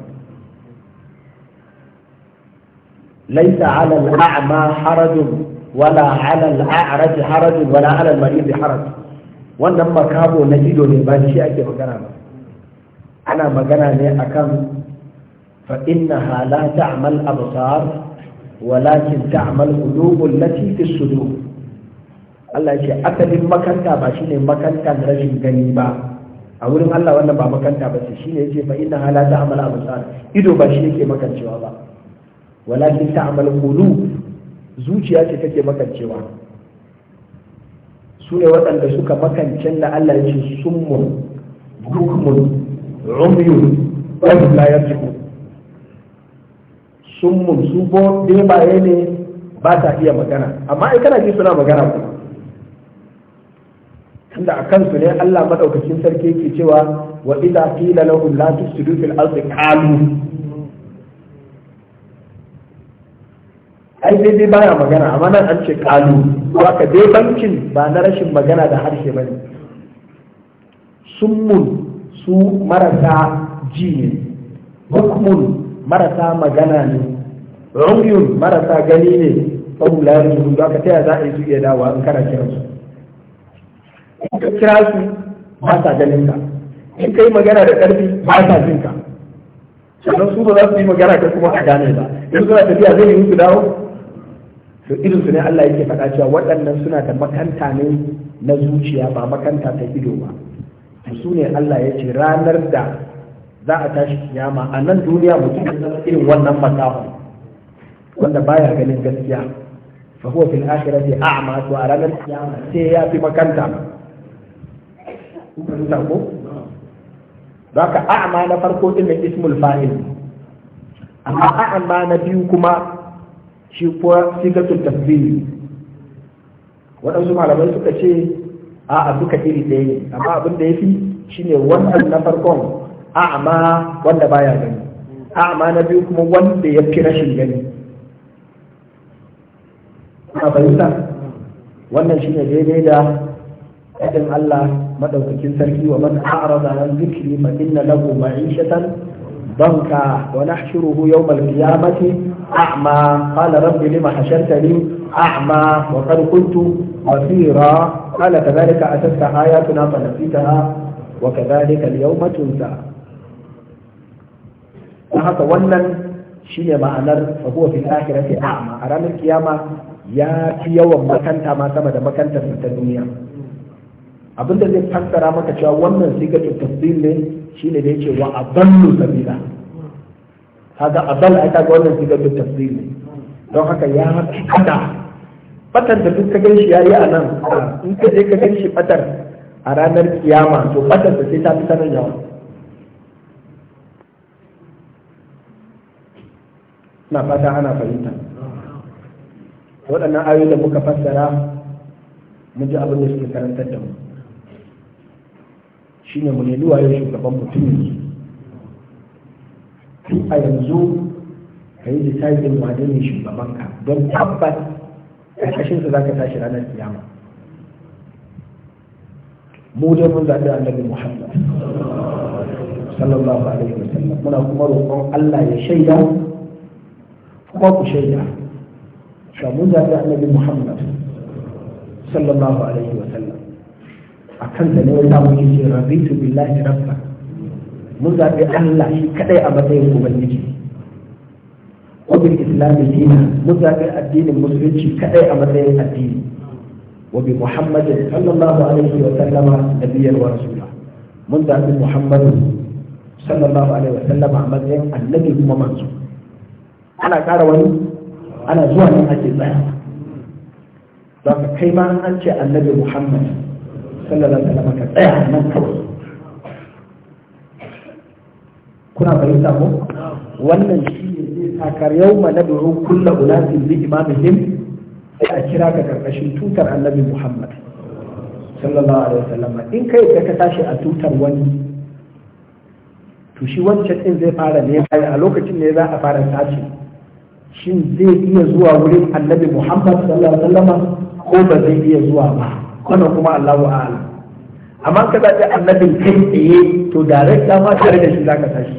laisa ala al'a'ma harajun wala ala al'a'raj harajun wala ala al-marid haraj wannan makabo na ido ne ba shi ake magana ba ana magana ne akan فإنها لا تعمى الأبصار ولكن تعمى القلوب التي في الصدور Allah ce asalin makanta ba shine makanta da rashin gani ba a wurin Allah wannan ba makanta ba ce shine yace fa inna hala ta amala absar ido ba shi ke makancewa ba walakin ta amal qulu zuciya ce take makancewa su ne waɗanda suka makance da Allah ya ce summun bukmun umyun wa la yarjiqun sun mun su bo bebaye ne ba ta iya magana amma ai kana ji suna magana ku tunda a kansu ne Allah madaukakin sarki yake cewa wa idza qila lahum la tusdu fil ardi qalu ai dai dai baya magana amma nan an ce kalu ko aka dai bankin ba na rashin magana da harshe bane summun su marasa ji ne hukmun marasa magana ne rumyun marasa gani ne tsawon layin su za ka taya za a yi su iya dawa in kana kira su in ka kira su ba sa ganin ka in ka yi magana da ƙarfi ba sa jin ka sannan su ba za su yi magana ka kuma a gane ba yanzu suna tafiya zai yi musu dawo to irin su ne Allah yake faɗa cewa waɗannan suna da makanta ne na zuciya ba makanta ta ido ba su ne Allah ya ce ranar da za a tashi kiyama a nan duniya mutum ya zama irin wannan makafa wanda baya ganin gaskiya fa huwa fil akhirati a'ma to a ranar kiyama sai ya fi makanta ta ko za ka a'ma na farko din ne ismul fa'il amma a'ma na biyu kuma shi kuwa sigatul tasbih waɗansu malamai suka ce a'a duka iri ɗaya ne amma abin da ya fi shine wannan na farkon a'ama wanda baya gani a'ama na biyu kuma wanda ya fi rashin gani a fahimta wannan shine daidai da faɗin Allah madaukakin sarki wa man a'rada an zikri fa inna lahu ma'ishatan banka wa nahshuruhu yawm al-qiyamati a'ma qala rabbi lima hashartani a'ma wa qad kuntu basira qala kadhalika atatka ayatuna fa nasitaha wa kadhalika al don haka wannan ne ma'anar fa fi fil fi a'ama a ranar kiyama ya fi yawan makanta ma sama da makantar ta duniya abin da zai fassara maka cewa wannan ga tafsir ne shi ne da yake wa adallu sabila kaga adal ai kaga wannan ga tafsir ne don haka ya fi kada batar da duk ka gan shi yayi a nan in ka je ka ganshi batar fatar a ranar kiyama to batar da sai ta fi sanar yawa na fata ana fahimta waɗannan ayoyi da muka fassara mun ji abin da suke karantar da mu Shi ne mu nemi wayo shugaban mutum ne tun a yanzu ka yi lissafin wane ne shugabanka don tabbat ƙarƙashinsa za ka tashi ranar kiyama mu dai mun zaɓi annabi muhammad sallallahu alaihi wasallam muna kuma roƙon allah ya shaida babu shaida ga mujabi annabi muhammad sallallahu alaihi wa sallam a kanta ne wata mun yace rabitu billahi rabba mun zabi Allah shi kadai a matsayin ubangiji wa bil dina mun zabi addinin musulunci kadai a matsayin addini wa bi muhammadin sallallahu alaihi wa sallama nabiyyan wa rasula mun zabi muhammadu sallallahu alaihi wa sallama a matsayin annabi kuma manzo ana ƙara wani ana zuwa ne ake tsaya za ka kai ma an ce annabi muhammad sallallahu alaihi wasallam ka tsaya nan kawai kuna fahimta ko wannan shi ne zai sakar yau ma na duru kulla ulati bi imamihim sai a kira ka karkashin tutar annabi muhammad sallallahu alaihi wasallam in kai ka ka tashi a tutar wani to shi wancan din zai fara ne a lokacin ne za a fara tashi shin zai iya zuwa wurin annabi muhammad sallallahu alaihi wasallam ko ba zai iya zuwa ba kana kuma allahu a'ala amma ka zaɓi annabin kai tsaye to direct ma tare da shi zaka tashi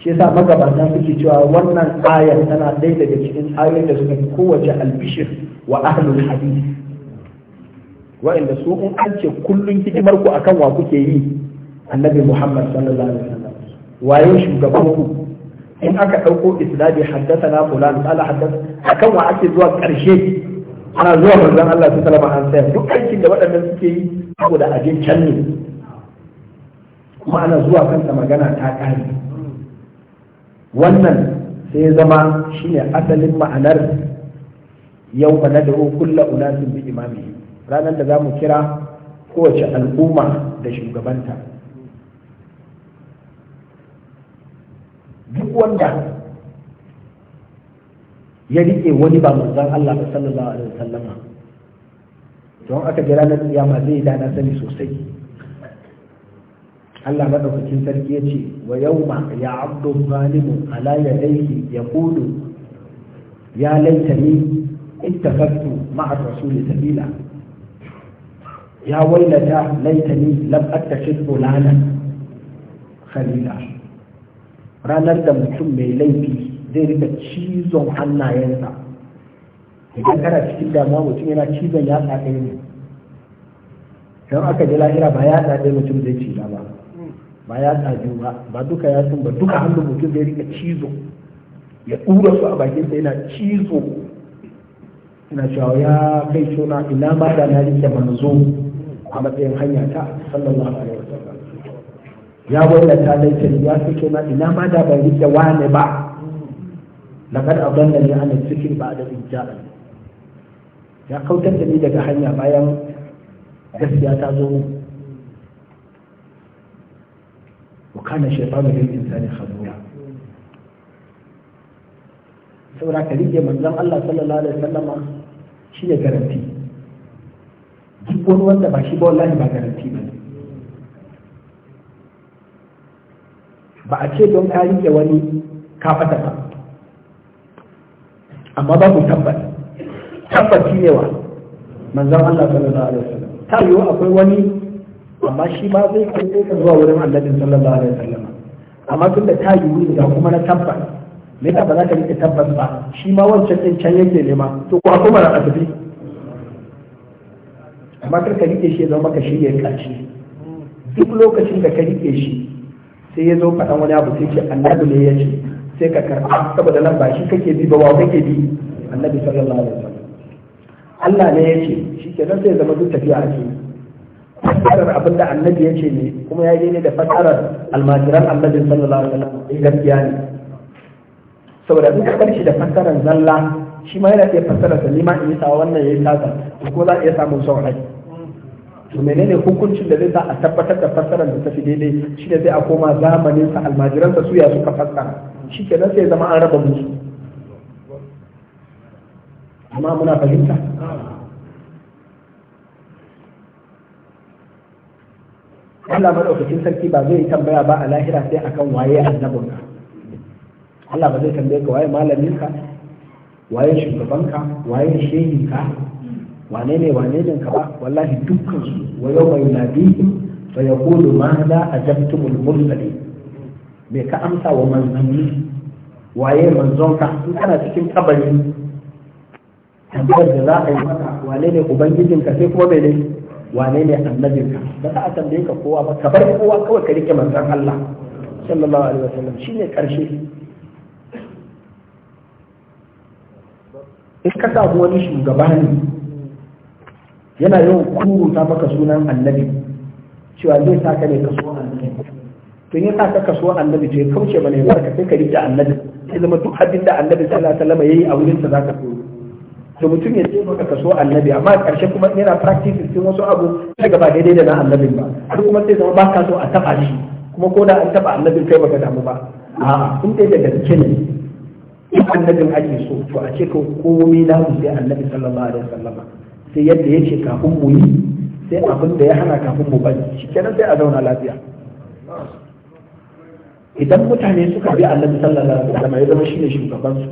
shi yasa magabata suke cewa wannan ayar tana ɗaya daga cikin ayoyin da suka kowace albishir wa ahlul hadith wa'inda su in an ce kullun hidimar ku akan wa kuke yi annabi muhammad sallallahu alaihi wasallam waye shugaban ku in aka ɗauko isnadi haddasa na fulan ala haddasa akan wa ake zuwa ƙarshe ana zuwa manzon Allah su salama an sayar duk aikin da waɗannan suke yi saboda abin can ne kuma ana zuwa kansa magana ta ƙare wannan sai zama shine asalin ma'anar yau ba na da kulla unasin bi imami ranar da za mu kira kowace al'umma da shugabanta duk wanda ya rike wani ba manzon Allah ba sallallahu alaihi wasallam don aka jira na kiyama zai da na sani sosai Allah madaukakin sarki ya ce wa yawma ya abdu zalimu ala yadayhi yaqulu ya laitani اتخذت مع الرسول ya يا laita ليتني لم اتخذ فلانا khalila ranar da mutum mai laifi zai rika cizon hannayensa idan kana cikin damuwa mutum yana cizon ya ne don aka ji lahira ba ya ɗaya mutum zai ci ba ba ya ɗaju ba ba duka ya ba duka hannun mutum zai rika cizo ya ɗura su a bakinsa yana cizo ina cewa ya kai suna ina ma da na rike manzo a matsayin hanya ta sallallahu alaihi ya wailata laifin ya fi na ina ma da ban rike wane ba Na laqad adallani ba zikri ba'da ijja'a ya kautar da ni daga hanya bayan gaskiya ta zo wa kana shaytanu lil insani khadura saboda ka rike manzon Allah sallallahu alaihi wasallama shi ne garanti duk wani wanda ba shi ba wallahi ba garanti ba ba a ce don ka rike wani ka fata ba amma ba ku tabbat tabbaci ne wa manzon Allah sallallahu alaihi wasallam ta yiwu akwai wani amma shi ba zai kai ka zuwa wurin Allah sallallahu alaihi wasallam amma tun da ta yiwu da kuma na tabbat me yasa ba za ka rike tabbas ba shi ma wancan din can yake nema to ko kuma mara tafi amma kar ka rike shi zama ka shirya kaci duk lokacin da ka rike shi sai ya zo faɗan wani abu sai ce annabi ne ya ce sai ka karɓa saboda nan ba shi kake bi ba wa kake bi annabi sallallahu alaihi wasallam Allah ne ya ce shi ke nan sai zama duk tafiya ake fasarar abin da annabi ya ce ne kuma ya yi ne da fasarar almajiran annabi sallallahu alaihi wasallam eh, gaskiya ne saboda duk ka karshe da fasarar zalla shi ma yana iya fasarar sa ni ma in yi sa wannan ya yi sasa ko za a iya samun sauran to menene hukuncin da zai sa a tabbatar da fassarar da ta fi daidai shi ne zai a koma zamanin sa almajiransa su ya suka fassara shi kenan sai zama an raba musu amma muna fahimta Allah madaukakin sarki ba zai tambaya ba a lahira sai akan waye annabinka Allah ba zai tambaye ka waye malaminka waye shugabanka waye shehinka wane ne wane ne ka ba wallahi dukkan su wa yau mai nabihim fa yaqulu ma za ajabtumul mursalin me ka amsa wa manzanni waye ka in kana cikin kabari tambayar da za a yi maka wane ne ubangijinka sai kuma bai wane ne annabinka ba za a tambaye ka kowa ba ka bar kowa kawai ka rike manzon Allah sallallahu alaihi wasallam shine karshe in ka samu wani shugaba ne yana yawan ta maka sunan annabi cewa zai sa ka ne kaso annabi to ya sa ka kaso annabi to ya kauce mana ya barka sai ka rike annabi sai zama duk abin da annabi sallallahu alaihi wasallam yayi a wurin sa zaka so to mutum ya ce maka kaso annabi amma karshe kuma yana practice din wasu abu daga ba daidai da na annabi ba har kuma sai zama ba ka so a taba shi kuma ko da an taba annabi kai baka damu ba a'a kun dai da gaske ne annabin ake so to a ce ko komai na mu sai annabi sallallahu alaihi wasallam sai yadda ya ce kafin mu yi sai abin da ya hana kafin mu bari shi kenan sai a zauna lafiya idan mutane suka bi annabi sallallahu alaihi wasallam ya zama shine shugaban su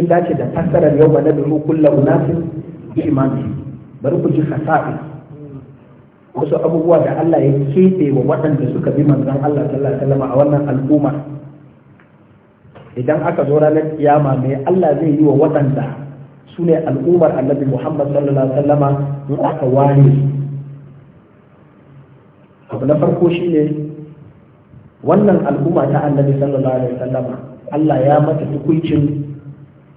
sun dace da fassarar yau ba nabi kullu unasin bi imami bari ku ji fasahi wasu abubuwa da Allah ya kebe wa waɗanda suka bi manzon Allah sallallahu alaihi wasallam a wannan al'umma idan aka zo ranar kiyama mai Allah zai yi wa waɗanda su ne al'ummar annabi muhammad sallallahu alaihi wasallama in aka ware abu na farko shine wannan al'umma ta annabi sallallahu alaihi wasallama Allah ya mata tukuncin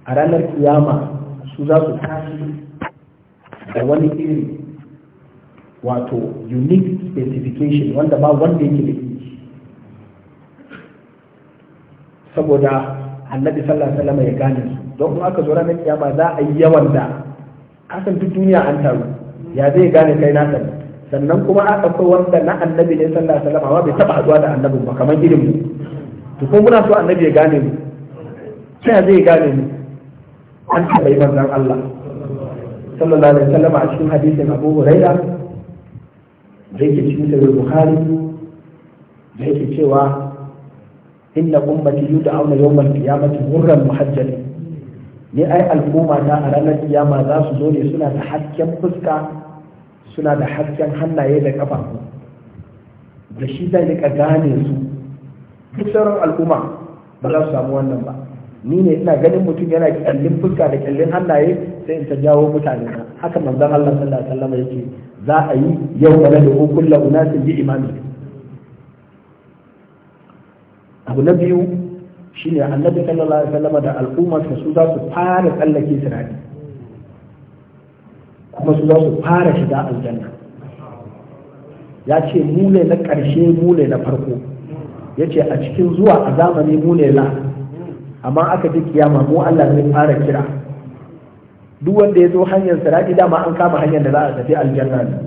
a ranar kiyama su za su tashi da wani iri wato unique specification wanda ba wanda yake da saboda annabi sallallahu alaihi wasallama ya gane su don kuma aka zo ranar kiyama za a yi yawan da kasan duk duniya an taru ya zai gane kai na sani sannan kuma aka kai wanda na annabi ne sallallahu alaihi wasallam amma bai taba haduwa da annabin ba kamar irin mu to ko muna so annabi ya gane mu sai zai gane mu an taba yi manzon Allah sallallahu alaihi wasallam a cikin hadisin Abu Huraira da yake cikin sahih Bukhari da yake cewa inna ummati yud'auna yawmal qiyamati hurran muhajjalin ne ai al'umma ta a ranar kiyama za su zo ne suna da hasken fuska suna da hasken hannaye da kafa da shi zai rika gane su duk sauran al'umma ba za su samu wannan ba ni ne ina ganin mutum yana kyallin fuska da kyallin hannaye sai in ta jawo mutane na haka manzon Allah sallallahu alaihi wasallam yake za a yi yau da da kullu unasin bi imami abu na biyu shine annabi sallallahu alaihi wasallam da al'ummar su za su fara tsallake sirati kuma su za su fara shiga aljanna ya ce mu na ƙarshe mu na farko ya ce a cikin zuwa a zamani mu ne la amma aka ji kiyama mu Allah zai fara kira duk wanda ya zo hanyar sirati dama an kama hanyar da za a tafi aljanna ne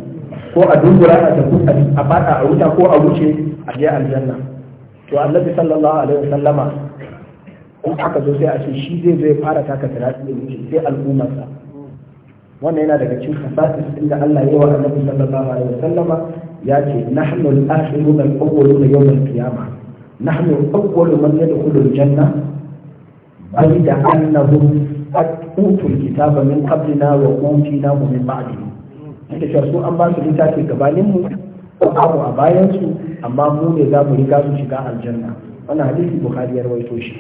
ko a dubura a tafi a fada a wuta ko a wuce a je aljanna to annabi sallallahu alaihi wasallama in haka zo sai a ce shi zai zai fara taka tarafi da wuce sai al'ummarsa wannan yana daga cikin kasasis inda Allah ya wa annabi sallallahu alaihi Sallama ya ce nahnu al-akhiruna al-awwaluna yawm al-qiyamah nahnu awwalu man yadkhulu al-janna bayda annahum qad utul kitaba min qablina wa utina min ba'dina yake cewa su an ba su littafi gabanin mu ko abu a bayan su amma mu ne za mu riga su shiga aljanna wannan hadisi bukhari ya rawaito shi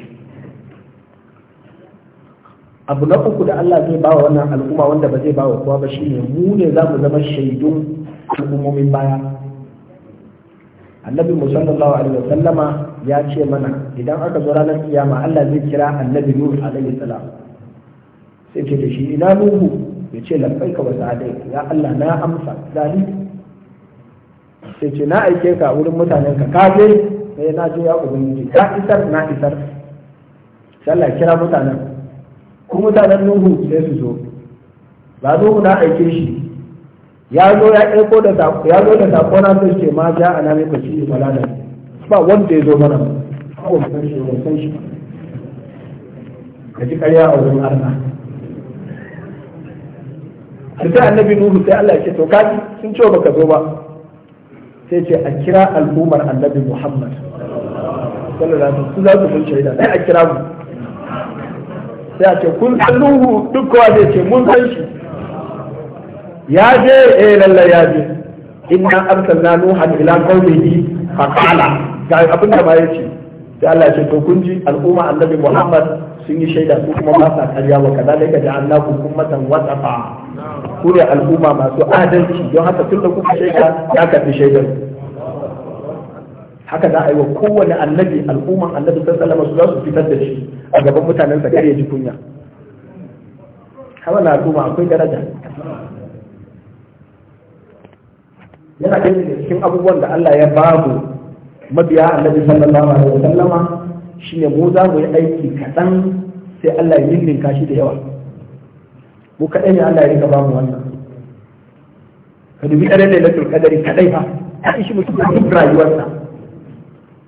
abu na uku da Allah zai ba wa wannan al'umma wanda ba zai ba wa kowa ba shine mu ne za mu zama shaidun al'ummomin baya annabi mu sallallahu alaihi Sallama ya ce mana idan aka zo ranar kiyama Allah zai kira annabi nuhu alaihi salam sai ce da shi ina nuhu ya ce labbaika wa sa'adai ya Allah na amsa zalimi sai ce na aike ka wurin mutanen ka kaje sai na je ya ubangiji ka isar na isar sai Allah kira mutanen ku mutanen nuhu sai su zo ba nuhu na aike shi ya zo ya aiko da sako ya zo da sako na sai ce ma ja ana mai kashi malala ba wanda ya zo mana ko san shi mun san shi kaji karya a wurin Allah sai annabi nuhu sai Allah ya ce to kaji sun ce baka zo ba sai ce a kira al'ummar annabi Muhammad sallallahu alaihi wasallam su za su mun da dai a kira mu sai ce kun san nuhu duk kowa zai ce mun san shi ya je eh lallai ya je inna arsalna nuhan ila qaumihi fa qala ga abin da ma ce. sai Allah ce to kun ji al'umma annabi Muhammad sun yi shaida su kuma ba sa karya wa kadalika ja'alnakum ummatan wasafa ku ne al'umma masu adalci don haka tun da kuka shaida ya karbi shaidar ku haka za a yi wa kowane annabi al'umman annabi sallallahu alaihi wasallam su fitar da shi a gaban mutanen sa kare ji kunya kawai al'umma akwai daraja yana kai da cikin abubuwan da Allah ya babu mabiya annabi sallallahu alaihi wasallam shine mu za mu yi aiki kaɗan sai Allah ya ninninka shi da yawa mu kaɗai ne Allah ya rika ba mu wannan ka dubi ɗan lailatul kadari kaɗai ba. a ishi mutum da rayuwarsa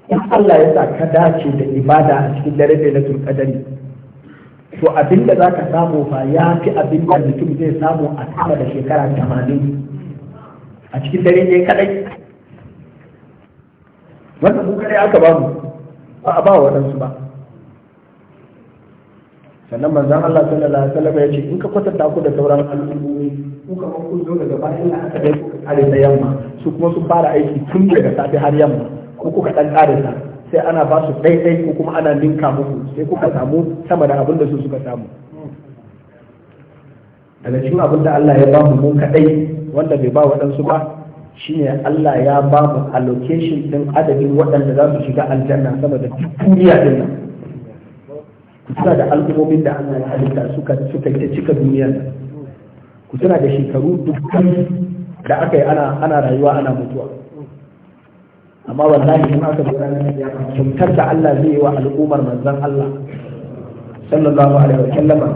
in Allah ya sa ka dace da ibada a cikin dare da na turkadari to abin da za ka samu fa ya fi abin da mutum zai samu a sama da shekara tamanin a cikin dare ne kadai wannan mu kadai aka ba mu ba a ba waɗansu ba sannan manzan Allah sallallahu alaihi wasallam ya ce in ka kwatanta ku da sauran al'ummomi ku ka kun zo daga bayan da aka dai ku kare da yamma su kuma sun fara aiki tun daga safe har yamma ko kuka dan karasa sai ana ba su daidai ko kuma ana ninka muku sai kuka samu sama da abin su suka samu daga cikin abin da Allah ya ba mu mun kadai wanda bai ba waɗansu ba shine Allah ya ba mu allocation din adadin waɗanda za su shiga aljanna sama da duniya din nan kusa da al'ummomin da Allah ya halitta suka suka ta cika duniya ku tuna da shekaru dukkan da aka yi ana rayuwa ana mutuwa amma wallahi in aka lura na ya cutar da Allah zai yi wa al'ummar manzon Allah sallallahu alaihi wa sallama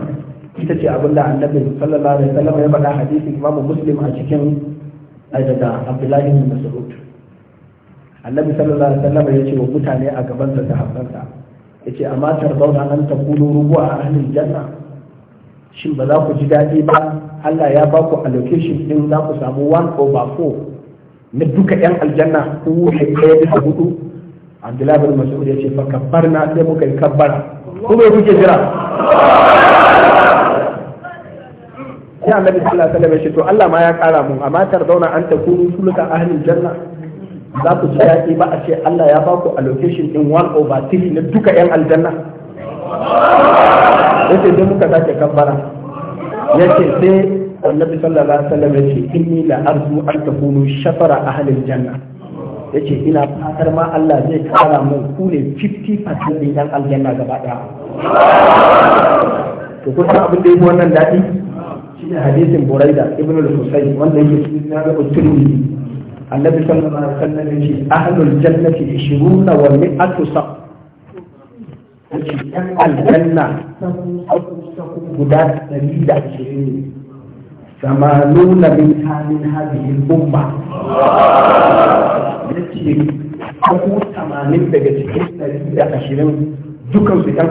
ita ce abin da annabi sallallahu alaihi wa sallama ya faɗa hadisi Imam Muslim a cikin daga Abdullahi bin Mas'ud annabi sallallahu alaihi wa sallama ya ce wa mutane a gaban sa da habbansa ya ce amma nan ta takulu rubu'a a ahlul janna shin ba za ku ji daɗi ba Allah ya ba ku allocation din za ku samu 1 over 4 na duka yan aljanna ko shi ɗaya bisa hudu abdullahi bin mas'ud ya ce fa kabbarna sai muka yi kabbara ko bai kuke jira sai annabi sallallahu alaihi ce to Allah ma ya kara mun amma tarzauna an ta takunu suluka ahlil janna za ku ci daɗi ba a ce Allah ya ba ku allocation din 1 over 3 na duka yan aljanna yace sai muka sake kabbara yace sai annabi sallallahu alaihi wasallam yace inni la arju an takunu shafara ahlil janna yace ina fatar ma Allah zai kara mun ku ne 50% din dan aljanna gaba daya to kun san abin da yake wannan dadi shine hadisin Buraida ibn al-Husayn wanda yake cikin ga Tirmidhi annabi sallallahu alaihi wasallam yace ahlul jannati 20 wa 100 sa yace aljanna guda 120 ثمانون منها من هذه الأمة يتي أبو ثمانين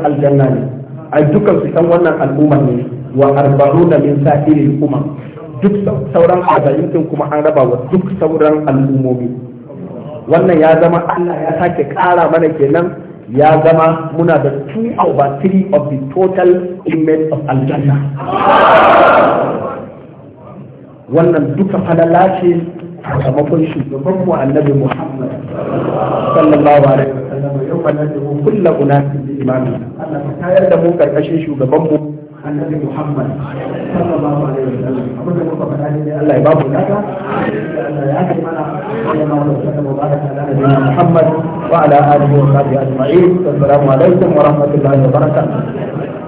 الجنة أي دكم سكان وانا الأمة وأربعون من سائر الأمم duk sauran adayinkin kuma an raba wa duk sauran al'ummomi wannan ya zama Allah ya sake ƙara mana kenan ya zama muna da 2 over 3 of the total image of aljanna wannan duka falala ce a sakamakon shugaban mu annabi Muhammad sallallahu alaihi wasallam yau ma nadihu kullu unasin bi imami Allah ka tayar da mu karkashin shugaban mu annabi Muhammad sallallahu alaihi wasallam abin da muka faɗa ne Allah ya babu naka Allah ya kai mana ya ma wa sallallahu baraka ala Muhammad wa ala alihi wa sahbihi ajma'in assalamu alaikum wa rahmatullahi wa barakatuh